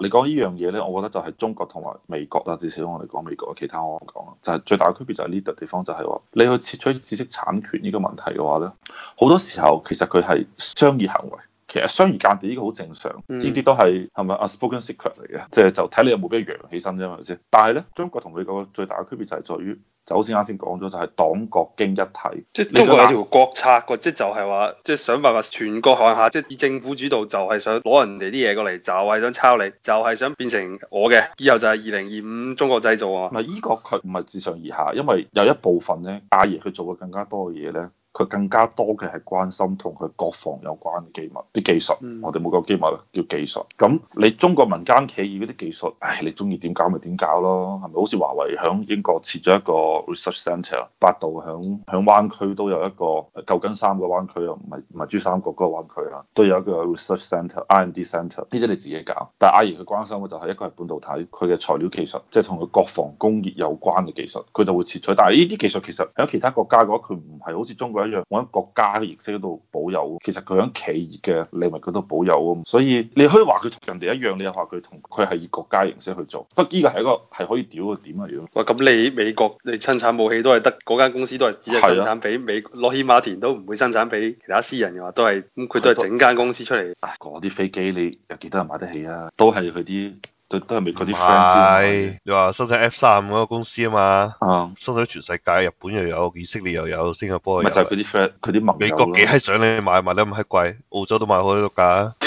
你講依樣嘢咧，我覺得就係中國同埋美國啊，至少我哋講美國，其他我唔講就係、是、最大嘅區別就係呢度地方就，就係話你去竊取知識產權呢個問題嘅話呢，好多時候其實佢係商業行為。其實商業間諜呢個好正常，呢啲、嗯、都係係咪啊？Unspoken secret 嚟嘅，即係就睇、是、你有冇俾佢揚起身啫嘛先。但係咧，中國同美國最大嘅區別就係在於，就好似啱先講咗，就係、是、黨國經一體，即係中國條國策，即就係話，即係想辦法全國看下，即係以政府主導就，就係想攞人哋啲嘢過嚟，就係想抄你，就係想變成我嘅。以後就係二零二五中國製造啊！嗱依個佢唔係自上而下，因為有一部分咧，阿爺佢做嘅更加多嘅嘢咧。佢更加多嘅係關心同佢國防有關嘅機密，啲技術。技術，嗯、我哋冇講機密啦，叫技術。咁你中國民間企業嗰啲技術，唉，你中意點搞咪點搞咯，係咪？好似華為響英國設咗一個 research centre，百度響響灣區都有一個，舊金山個灣區啊，唔係唔係珠三角嗰個灣區啦，都有一個 research centre、R&D centre，呢啲你自己搞。但阿怡佢關心嘅就係一個係半導體，佢嘅材料技術，即係同佢國防工業有關嘅技術，佢就會撤取。但係呢啲技術其實喺其他國家嘅話，佢唔係好似中國。一樣，我喺國家嘅形式嗰度保有，其實佢喺企業嘅領域嗰度保有咯。所以你可以話佢同人哋一樣，你又話佢同佢係以國家形式去做。不過呢個係一個係可以屌嘅點嚟咯。哇！咁你美國你生產武器都係得嗰間公司都係只係生產俾美，洛克馬田都唔會生產俾其他私人嘅話，都係佢都係整間公司出嚟。嗰啲飛機你有幾多人買得起啊？都係佢啲。都係美國啲 friend 先是？唔係，你話生產 F 三嗰個公司啊嘛。啊、嗯！生產全世界，日本又有，以色列又有，新加坡又有。咪就係啲美國幾閪想你買埋，你咁閪貴，澳洲都買好得價。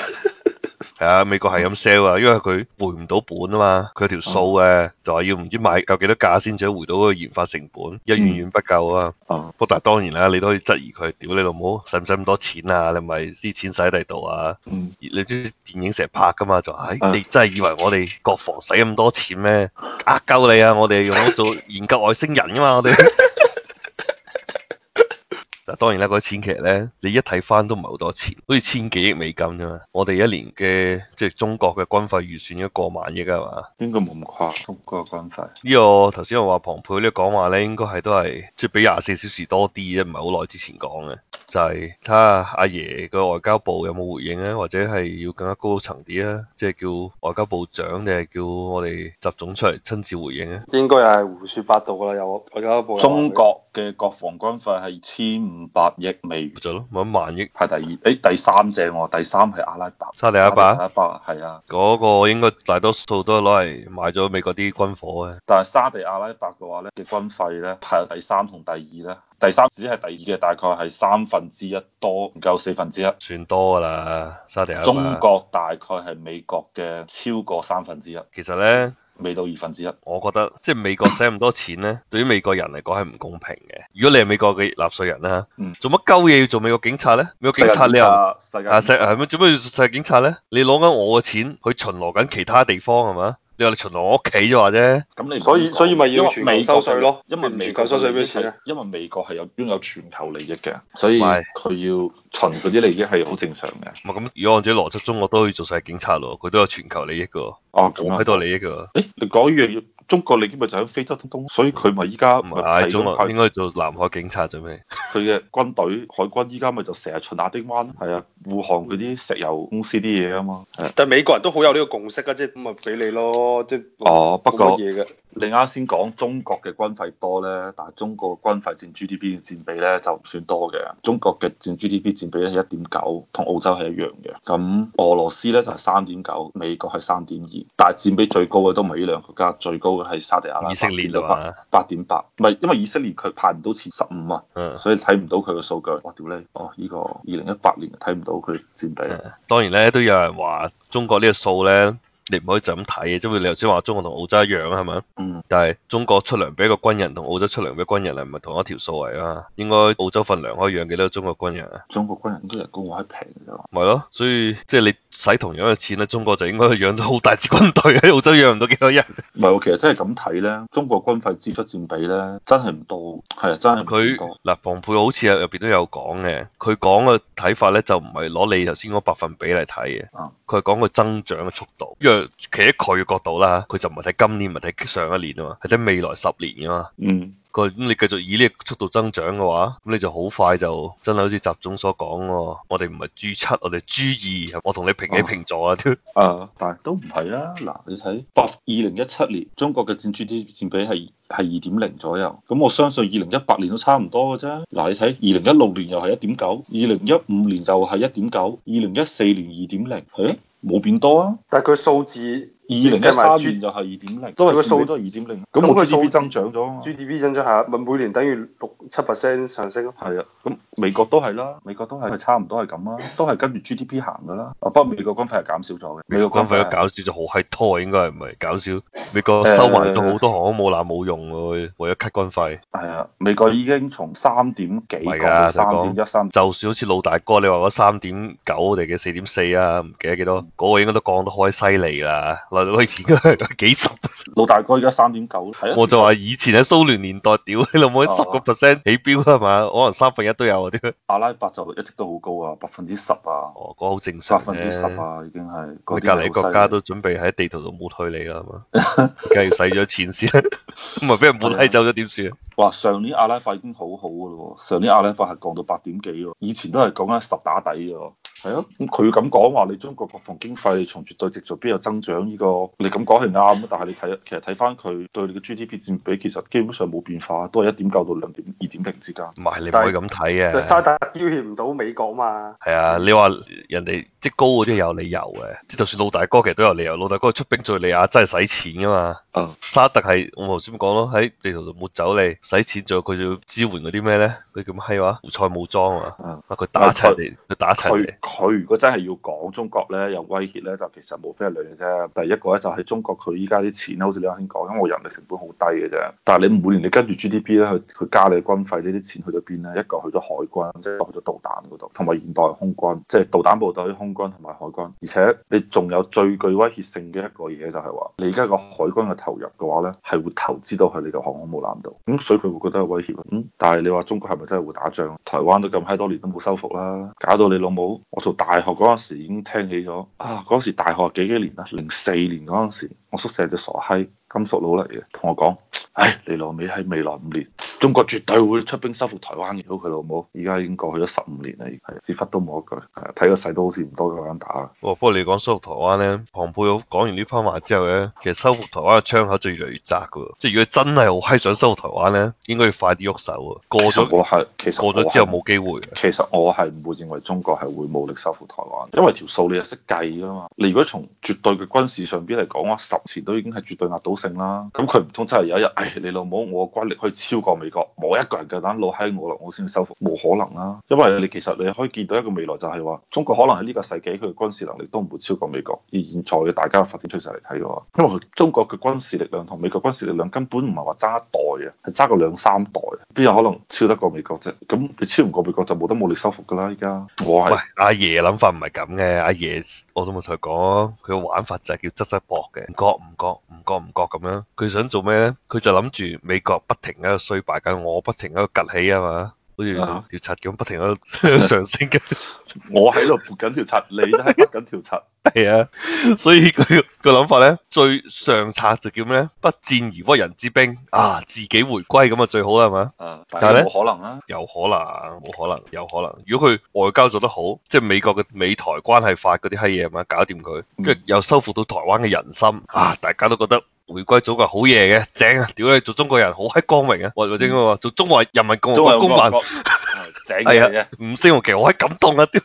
係啊，美國係咁 sell 啊，因為佢回唔到本啊嘛，佢條數誒就係要唔知賣夠幾多價先至回到嗰個研發成本，一遠遠不夠啊。不過、嗯嗯、但當然啦，你都可以質疑佢，屌你老母，使唔使咁多錢啊？你咪啲錢使喺第度啊？嗯、你知電影成日拍噶嘛？就係、是，嗯、你真係以為我哋國防使咁多錢咩？呃、啊，鳩你啊！我哋用咗做研究外星人噶嘛，我哋。 當然啦，嗰啲千劇咧，你一睇翻都唔係好多錢，好似千幾億美金啫嘛。我哋一年嘅即係中國嘅軍費預算應該過萬億啊嘛、這個，應該冇咁誇。中國嘅軍費呢個頭先我話蓬佩呢啲講話咧，應該係都係即係比廿四小時多啲啫，唔係好耐之前講嘅。就係睇下阿爺個外交部有冇回應咧，或者係要更加高層啲啊，即係叫外交部長定係叫我哋習總出嚟親自回應咧？應該又係胡說八道噶啦，有外交部。中國嘅國防軍費係千五百億美元咗咯，萬億排第二，誒、欸、第三隻我、啊、第三係阿拉伯，沙地阿拉伯。阿伯係啊，嗰個應該大多數都係攞嚟買咗美國啲軍火啊。但係沙地阿拉伯嘅話咧，嘅軍費咧排第三同第二咧。第三隻係第二嘅，大概係三分之一多，唔夠四分之一，算多噶啦。沙地，中國大概係美國嘅超過三分之一，其實咧未到二分之一。我覺得即係、就是、美國使咁多錢咧， 對於美國人嚟講係唔公平嘅。如果你係美國嘅納稅人啦，嗯，做乜鳩嘢要做美國警察咧？美國警察你啊，世界啊，做乜要做世界警察咧是？你攞緊我嘅錢去巡邏緊其他地方係嘛？你話你巡邏我屋企啫話啫，咁你所以所以咪要未收稅咯，因為美國收稅俾錢，因為美國係有擁有全球利益嘅，所以佢要巡嗰啲利益係好正常嘅。唔係咁、啊，如果按照邏輯中，我都可以做晒警察咯，佢都有全球利益噶，啊咁，好多利益噶。誒，你講完。中國你啲咪就喺非洲東，所以佢咪依家唔係中國應該做南海警察做咩？佢 嘅軍隊、海軍依家咪就成日巡亞丁灣，係、嗯、啊，護航嗰啲石油公司啲嘢啊嘛。啊但係美國人都好有呢個共識啊，即係咁咪俾你咯，即、就是、哦冇乜嘢嘅。你啱先講中國嘅軍費多咧，但係中國軍費佔 GDP 嘅佔比咧就唔算多嘅。中國嘅佔 GDP 佔比咧係一點九，同澳洲係一樣嘅。咁俄羅斯咧就係三點九，美國係三點二，但係佔比最高嘅都唔係呢兩個國家，最高嘅係沙特阿拉伯，以色列嘅話，八點八，唔係因為以色列佢排唔到前十五啊，嗯、所以睇唔到佢個數據。哇！屌咧，哦呢、呢個二零一八年睇唔到佢佔比啊。當然咧都有人話中國呢個數咧。你唔可以就咁睇嘅，即係你頭先話中國同澳洲一樣啦，係咪？嗯。但係中國出糧俾一個軍人同澳洲出糧俾軍人係唔係同一條數位啊？應該澳洲份糧可以養幾多中國軍人啊？中國軍人啲人工話平嘅。咪咯，所以即係你使同樣嘅錢咧，中國就應該養到好大支軍隊，喺澳洲養唔到幾多人。唔係、嗯，其實真係咁睇咧，中國軍費支出占比咧真係唔到。係啊，真係佢，嗱，蓬佩好似入邊都有講嘅，佢講嘅睇法咧就唔係攞你頭先嗰百分比嚟睇嘅。佢係講個增長嘅速度，企喺佢嘅角度啦，佢就唔係睇今年，唔係睇上一年啊嘛，係睇未來十年啊嘛、嗯。嗯。佢咁你繼續以呢個速度增長嘅話，咁你就好快就真係好似習總所講咯。我哋唔係 G 七，我哋 G 二，我同你平起平坐啊！都。啊，但係都唔係、啊、啦。嗱，你睇八二零一七年，中國嘅佔 GDP 佔比係係二點零左右。咁我相信二零一八年都差唔多嘅啫。嗱，你睇二零一六年又係一點九，二零一五年又係一點九，二零一四年二點零。吓？冇變多啊，但係佢數字二零一三年就係二點零，都係最多二點零。咁我 GDP 增長咗，GDP 增長下，啊，每年等於六七 percent 上升咯。係啊，美國都係啦，美國都係，係差唔多係咁啦，都係跟住 GDP 行噶啦。不過美國軍費係減少咗嘅，美國軍費而家減少咗好閪拖，應該係唔係減少？美國收埋咗好多項都冇攬冇用喎，為咗 cut 軍費。係啊，美國已經從三點幾降到三點一三，就算好似老大哥你話嗰三點九定嘅四點四啊，唔記得幾多，嗰個應該都降得開犀利啦。嗱，我以前係幾十，老大哥而家三點九，我就話以前喺蘇聯年代，屌你老母，十個 percent 起標係嘛？可能三分一都有。阿拉伯就一直都好高啊，百分之十啊，哦，嗰個好正常，百分之十啊，已經係。你隔離國家都準備喺地圖度冇退你啦，係嘛？梗係要使咗錢先，咁係俾人滿低走咗點算？哇！上年阿拉伯已經好好嘅咯，上年阿拉伯係降到八點幾喎，以前都係講緊十打底嘅喎。係咯，咁佢咁講話，你中國國防經費從絕對值做邊有增長呢個？你咁講係啱，但係你睇，其實睇翻佢對你嘅 GDP 佔比，其實基本上冇變化，都係一點九到兩點二點零之間。唔係你唔可以咁睇嘅。沙特要挾唔到美國啊嘛。係啊，你話人哋即高嗰啲有理由嘅，即就算老大哥其實都有理由。老大哥出兵敘利亞真係使錢噶嘛。沙特係我頭先講咯，喺地圖度抹走你，使錢仲要支援嗰啲咩咧？佢咁閪話胡塞武裝啊佢打齊嚟，佢打齊嚟。佢如果真係要講中國咧有威脅咧，就其實無非係兩樣啫。第一個咧就係中國佢依家啲錢咧，好似你啱先講咁，我人力成本好低嘅啫。但係你每年你跟住 GDP 咧去去加你軍費呢啲錢去咗邊咧？一個去咗海軍，即係去咗導彈嗰度，同埋現代空軍，即係導彈部隊、空軍同埋海軍。而且你仲有最具威脅性嘅一個嘢就係話，你而家個海軍嘅投入嘅話咧，係會投資到去你個航空母艦度。咁所以佢會覺得有威脅。嗯，但係你話中國係咪真係會打仗？台灣都咁閪多年都冇收復啦，搞到你老母～我讀大學嗰陣時已經聽起咗，啊嗰、那個、時大學幾幾年啊？零四年嗰陣時，我宿舍隻傻閪金屬佬嚟嘅，同我講：唉，你老味喺未來五年。中國絕對會出兵收復台灣嘅，好佢老母，而家已經過去咗十五年啦，屎忽都冇一句，睇個勢都好似唔多咁膽打啊。哦，不過你講收復台灣咧，蓬佩奧講完呢番話之後咧，其實收復台灣嘅窗口就越嚟越窄噶，即係如果真係好閪想收復台灣咧，應該要快啲喐手啊。過咗係其實過咗之後冇機會。其實我係唔會，會認為中國係會武力收復台灣，因為條數你又識計噶嘛。你如果從絕對嘅軍事上邊嚟講，十次都已經係絕對壓倒性啦。咁佢唔通真係有一日，唉、哎，你老母，我嘅軍力可以超過美國冇一個人嘅膽攞喺我度，我先收復冇可能啦。因為你其實你可以見到一個未來就係話，中國可能喺呢個世紀佢嘅軍事能力都唔會超過美國。而現在嘅大家嘅發展趨勢嚟睇嘅話，因為中國嘅軍事力量同美國軍事力量根本唔係話爭一代嘅，係爭個兩三代，邊有可能超得過美國啫？咁你超唔過美國就冇得武力收復噶啦。依家，喂，阿爺諗法唔係咁嘅，阿爺我都冇同佢講，佢玩法就係叫質質搏嘅，唔覺唔覺唔覺唔覺咁樣。佢想做咩咧？佢就諗住美國不停喺度衰敗。我不停喺度崛起啊嘛，好似條蠶咁不停喺度 上升嘅的。 我喺度撥緊條蠶，你都係撥緊條蠶，係 啊。所以佢、那個諗、那個、法咧，最上策就叫咩？不戰而屈人之兵啊，自己回歸咁啊最好啦，係嘛？啊，冇可能啊，有可能，冇可能，有可能。如果佢外交做得好，即、就、係、是、美國嘅美台關係法嗰啲閪嘢啊嘛，搞掂佢，跟住、嗯、又收復到台灣嘅人心啊，大家都覺得。回歸祖國好嘢嘅，正啊！屌你做中國人好閪光榮啊！我正喎，做中華人民共和國公民，啊，正啊！ 啊，五星紅旗好閪感動啊！屌，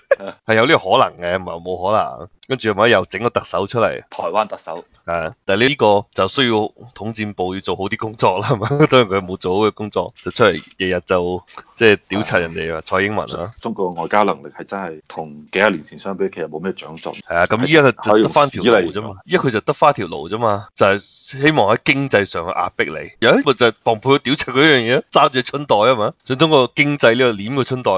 係有呢個可能嘅，唔係冇可能。跟住，咪又整個特首出嚟，台灣特首，係，但係呢個就需要統戰部要做好啲工作啦，係嘛，當然佢冇做好嘅工作，就出嚟日日就即係屌柒人哋啊，蔡英文啊，中國外交能力係真係同幾廿年前相比，其實冇咩長進，係啊，咁依家佢得翻條路啫嘛，依家佢就得翻條路啫嘛，就係、是、希望喺經濟上去壓迫你，有冇就係蓬佩去屌柒嗰樣嘢，揸住春袋啊嘛，想通過經濟呢個鏈個春袋。